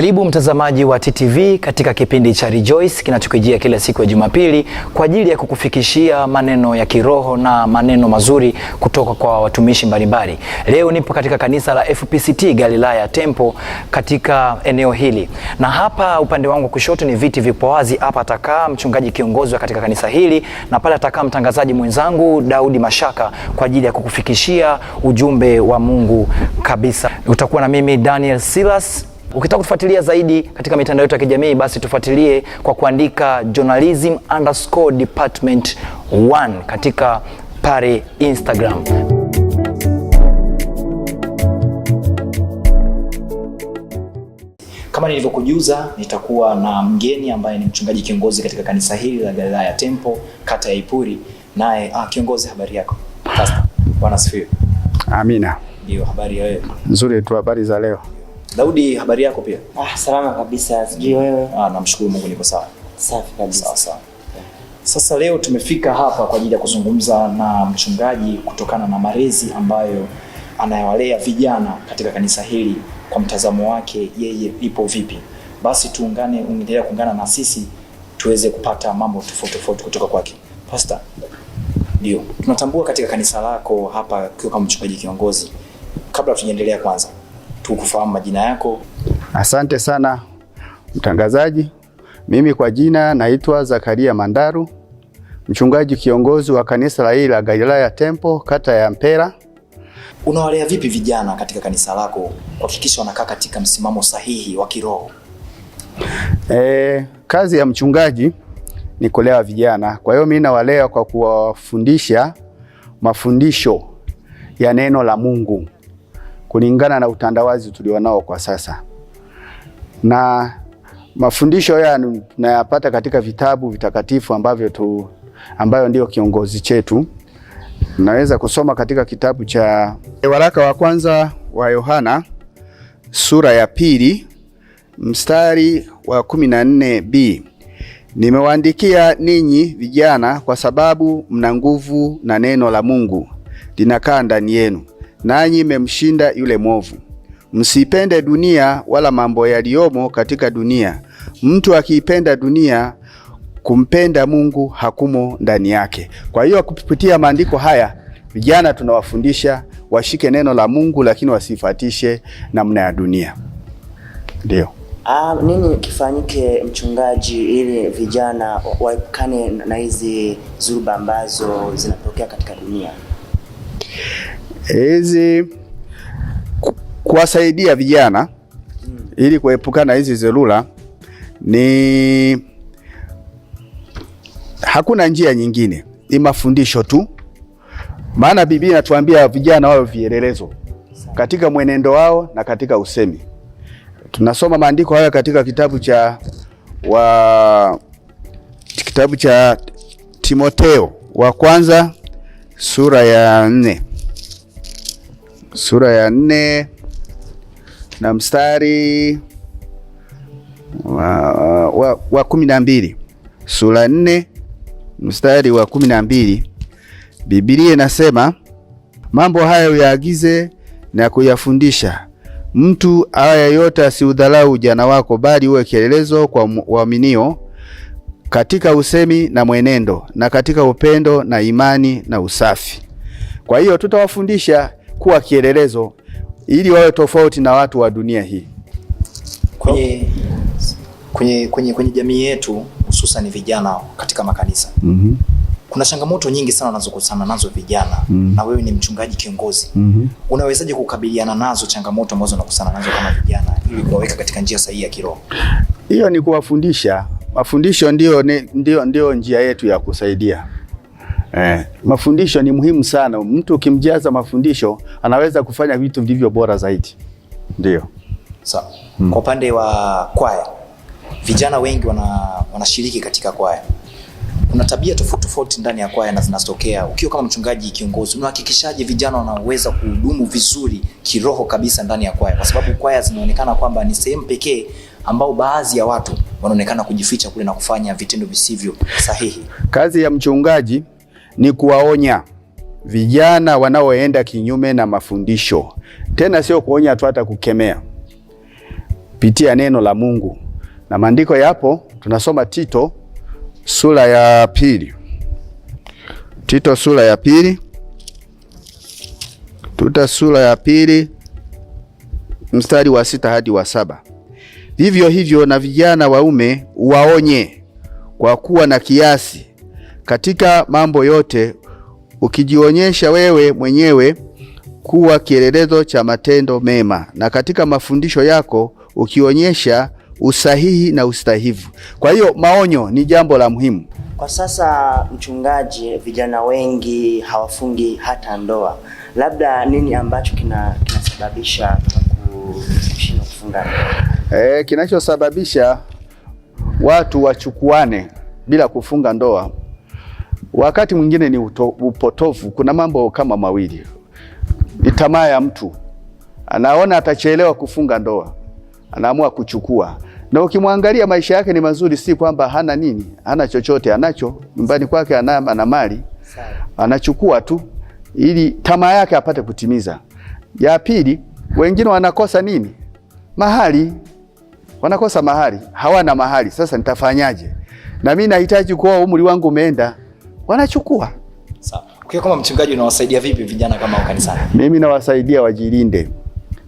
Karibu mtazamaji wa TTV katika kipindi cha Rejoice kinachokujia kila siku ya Jumapili kwa ajili ya kukufikishia maneno ya kiroho na maneno mazuri kutoka kwa watumishi mbalimbali. Leo nipo katika kanisa la FPCT Galilaya tempo katika eneo hili, na hapa upande wangu kushoto ni viti vipo wazi. Hapa atakaa mchungaji kiongozi wa katika kanisa hili na pale atakaa mtangazaji mwenzangu Daudi Mashaka kwa ajili ya kukufikishia ujumbe wa Mungu kabisa. Utakuwa na mimi Daniel Silas Ukitaka kutufuatilia zaidi katika mitandao yetu ya kijamii, basi tufuatilie kwa kuandika journalism underscore department 1 katika pale Instagram. Kama nilivyokujuza, nitakuwa na mgeni ambaye ni mchungaji kiongozi katika kanisa hili la Galilaya ya tempo kata ya Ipuri. Naye ah, kiongozi, habari yako? Bwana asifiwe. Amina. Ndio, habari ya wewe? Nzuri tu, habari za leo? Daudi, habari yako pia? Ah, salama kabisa. Sijui wewe? Ah, namshukuru Mungu niko sawa. Safi kabisa. Sawa sawa. Sasa leo tumefika hapa kwa ajili ya kuzungumza na mchungaji kutokana na malezi ambayo anayewalea vijana katika kanisa hili kwa mtazamo wake yeye ipo vipi. Basi tuungane, ungeendelea kuungana na sisi tuweze kupata mambo tofauti tofauti kutoka kwake. Pastor, ndio tunatambua katika kanisa lako hapa ukiwa kama mchungaji kiongozi. Kabla tujaendelea kwanza tukufahamu majina yako. Asante sana mtangazaji. Mimi kwa jina naitwa Zakaria Mandaru, mchungaji kiongozi wa kanisa la hili la Galilaya tempo kata ya Mpera. Unawalea vipi vijana katika kanisa lako kuhakikisha wanakaa katika msimamo sahihi wa kiroho? E, kazi ya mchungaji ni kulea vijana. Kwa hiyo mimi nawalea kwa kuwafundisha mafundisho ya neno la Mungu kulingana na utandawazi tulionao kwa sasa, na mafundisho haya tunayapata katika vitabu vitakatifu ambavyo tu, ambayo ndio kiongozi chetu. Naweza kusoma katika kitabu cha waraka wa kwanza wa Yohana sura ya pili mstari wa 14b Nimewaandikia ninyi vijana kwa sababu mna nguvu na neno la Mungu linakaa ndani yenu nanyi memshinda yule mwovu. Msipende dunia wala mambo yaliyomo katika dunia. Mtu akiipenda dunia, kumpenda Mungu hakumo ndani yake. Kwa hiyo kupitia maandiko haya vijana tunawafundisha washike neno la Mungu, lakini wasifatishe namna ya dunia. Ndio. Ah, nini kifanyike mchungaji, ili vijana waepukane na hizi zuruba ambazo zinatokea katika dunia? hizi kuwasaidia vijana mm. ili kuepukana hizi zelula ni hakuna njia nyingine, ni mafundisho tu, maana Biblia inatuambia vijana wao vielelezo katika mwenendo wao na katika usemi. Tunasoma maandiko haya katika kitabu cha wa kitabu cha Timoteo wa kwanza sura ya nne sura ya nne na mstari wa, wa, wa kumi na mbili sura nne mstari wa kumi na mbili Biblia inasema mambo haya uyaagize na kuyafundisha, mtu awa yote asiudhalau ujana wako, bali uwe kielelezo kwa waaminio katika usemi na mwenendo na katika upendo na imani na usafi. Kwa hiyo tutawafundisha kuwa kielelezo ili wawe tofauti na watu wa dunia hii. Kwenye, kwenye, kwenye, kwenye jamii yetu hususan vijana katika makanisa mm -hmm. Kuna changamoto nyingi sana wanazokutana nazo vijana mm -hmm. Na wewe ni mchungaji kiongozi mm -hmm. Unawezaje kukabiliana nazo changamoto ambazo unakutana nazo kama vijana ili kuwaweka katika njia sahihi ya kiroho? Hiyo ni kuwafundisha. Mafundisho ndio ndio, ndio njia yetu ya kusaidia Eh, mafundisho ni muhimu sana. Mtu ukimjaza mafundisho anaweza kufanya vitu vilivyo bora zaidi. Ndio. Sawa. So, Hmm. Kwa upande wa kwaya, vijana wengi wana, wanashiriki katika kwaya. Kuna tabia tofauti tofauti ndani ya kwaya na zinatokea. Ukiwa kama mchungaji kiongozi, unahakikishaje vijana wanaweza kuhudumu vizuri kiroho kabisa ndani ya kwaya, kwa sababu kwaya zinaonekana kwamba ni sehemu pekee ambao baadhi ya watu wanaonekana kujificha kule na kufanya vitendo visivyo sahihi. Kazi ya mchungaji ni kuwaonya vijana wanaoenda kinyume na mafundisho. Tena sio kuonya tu, hata kukemea. Pitia neno la Mungu na maandiko yapo, tunasoma Tito sura ya pili, Tito sura ya pili, tuta sura ya pili mstari wa sita hadi wa saba. Vivyo hivyo na vijana waume waonye, kwa kuwa na kiasi katika mambo yote ukijionyesha wewe mwenyewe kuwa kielelezo cha matendo mema, na katika mafundisho yako ukionyesha usahihi na ustahivu. Kwa hiyo maonyo ni jambo la muhimu. Kwa sasa, mchungaji, vijana wengi hawafungi hata ndoa. Labda nini ambacho kinasababisha kushindwa kufunga ndoa? E, kinachosababisha watu wachukuane bila kufunga ndoa wakati mwingine ni uto, upotofu. Kuna mambo kama mawili, ni tamaa ya mtu, anaona atachelewa kufunga ndoa, anaamua kuchukua na ukimwangalia maisha yake ni mazuri, si kwamba hana nini, hana chochote, anacho nyumbani kwake, ana mali, anachukua tu ili tamaa yake apate kutimiza. Ya pili, wengine wanakosa nini? Mahali, wanakosa mahali, hawana mahali. Sasa nitafanyaje? Na mimi nahitaji kuoa, umri wangu umeenda wanachukua. Sawa. kama mchungaji unawasaidia vipi vijana kama kanisani? Mimi nawasaidia wajilinde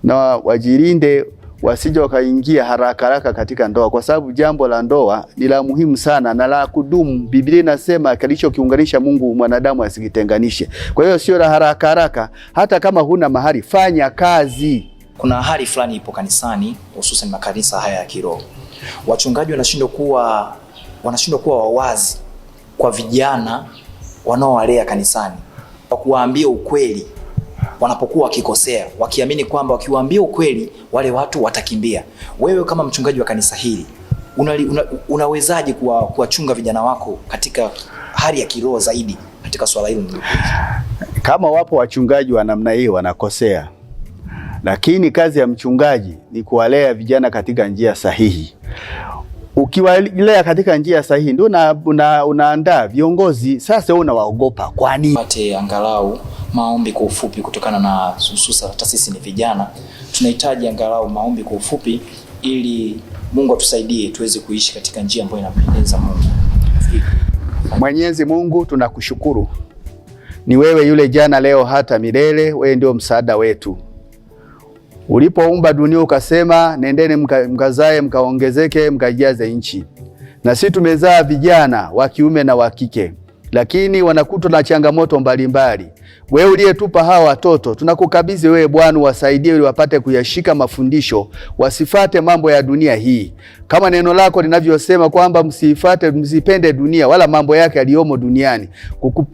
na wajilinde wasije wakaingia haraka haraka katika ndoa, kwa sababu jambo la ndoa ni la muhimu sana na la kudumu. Biblia inasema kilichokiunganisha Mungu mwanadamu asikitenganishe. Kwa hiyo sio la haraka haraka, hata kama huna mahali fanya kazi. Kuna hali fulani ipo kanisani, hususan makanisa haya ya kiroho, wachungaji wanashindwa kuwa wanashindwa kuwa wawazi kwa vijana wanaowalea kanisani, kwa kuwaambia ukweli wanapokuwa wakikosea, wakiamini kwamba wakiwaambia ukweli wale watu watakimbia. Wewe kama mchungaji wa kanisa hili una, una, unawezaje kuwachunga vijana wako katika hali ya kiroho zaidi katika swala hilo Kama wapo wachungaji wa namna hiyo wanakosea, lakini kazi ya mchungaji ni kuwalea vijana katika njia sahihi ukiwalea katika njia sahihi ndio una, unaandaa viongozi. Sasa unawaogopa kwa nini? Pate angalau maombi kwa ufupi, kutokana na hususa hata sisi ni vijana tunahitaji angalau maombi kwa ufupi, ili Mungu atusaidie tuweze kuishi katika njia ambayo inampendeza Mungu. Mwenyezi Mungu, tunakushukuru, ni wewe yule jana, leo, hata milele. Wewe ndio msaada wetu. Ulipoumba dunia ukasema, nendeni mkazae mkaongezeke mkajaze nchi, na sisi tumezaa vijana wa kiume na wa kike lakini wanakutwa na changamoto mbalimbali. Wewe uliyetupa hawa watoto, tunakukabidhi wewe Bwana, wasaidie ili wapate kuyashika mafundisho, wasifate mambo ya dunia hii, kama neno lako linavyosema kwamba msifate, msipende dunia wala mambo yake yaliyomo duniani.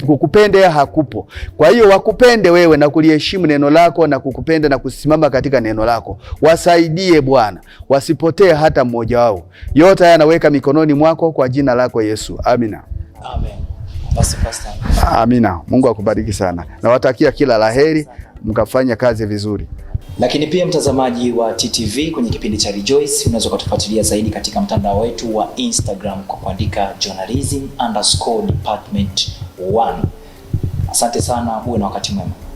Kukupende hakupo. Kwa hiyo wakupende wewe na kuliheshimu neno lako na kukupenda na kusimama katika neno lako. Wasaidie Bwana, wasipotee hata mmoja wao. Yote haya naweka mikononi mwako kwa jina lako Yesu, amina, amen. Amina, Mungu akubariki sana, nawatakia kila laheri, mkafanya kazi vizuri. Lakini pia mtazamaji wa TTV kwenye kipindi cha Rejoice, unaweza ukatufuatilia zaidi katika mtandao wetu wa Instagram kwa kuandika journalism_department1. Asante sana, uwe na wakati mwema.